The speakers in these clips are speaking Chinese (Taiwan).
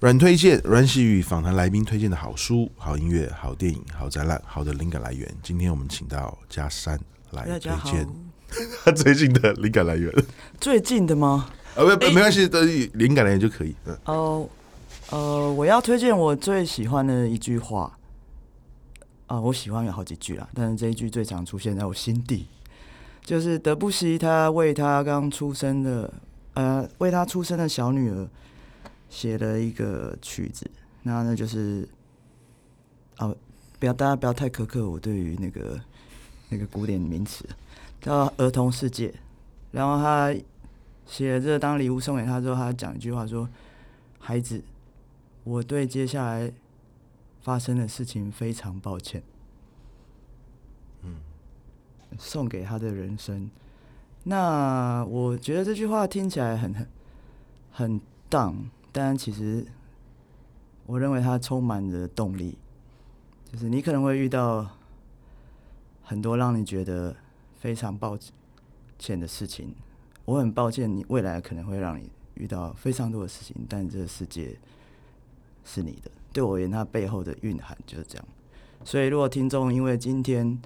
阮推薦，阮喜雨訪談來賓推薦的好書、好音樂、好電影、好展覽、好的靈感來源。今天我們請到佳珊來推薦他最近的靈感來源。最近的嗎？沒沒關係，等於靈感來源就可以。哦、呃，呃，我要推薦我最喜歡的一句話。啊、呃，我喜歡有好幾句啊，但是這一句最常出現在我心底，就是德布西他為他剛出生的，呃，為他出生的小女兒寫了一個曲子。那那就是，哦、呃，不要大家不要太苛刻，我對於那個那個古典名詞叫兒童世界。然後他。寫了這當禮物送給他之後，他講一句話說：“孩子，我對接下來發生的事情非常抱歉。”嗯，送給他的人生。那我覺得這句話聽起來很很很 down，但其實我認為它充滿着動力。就是你可能會遇到很多讓你覺得非常抱歉的事情。我很抱歉，你未來可能會讓你遇到非常多的事情，但這個世界是你的。對我而言，它背後的蘊含就是這樣。所以，如果聽眾因為今天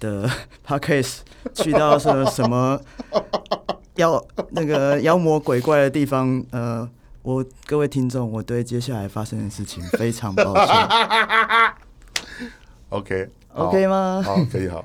的 podcast 去到什麼什麼妖那個妖魔鬼怪的地方，呃，我各位聽眾，我對接下來發生的事情非常抱歉。OK、oh. OK 嗎？好、oh, okay . oh. 嗯，可以好。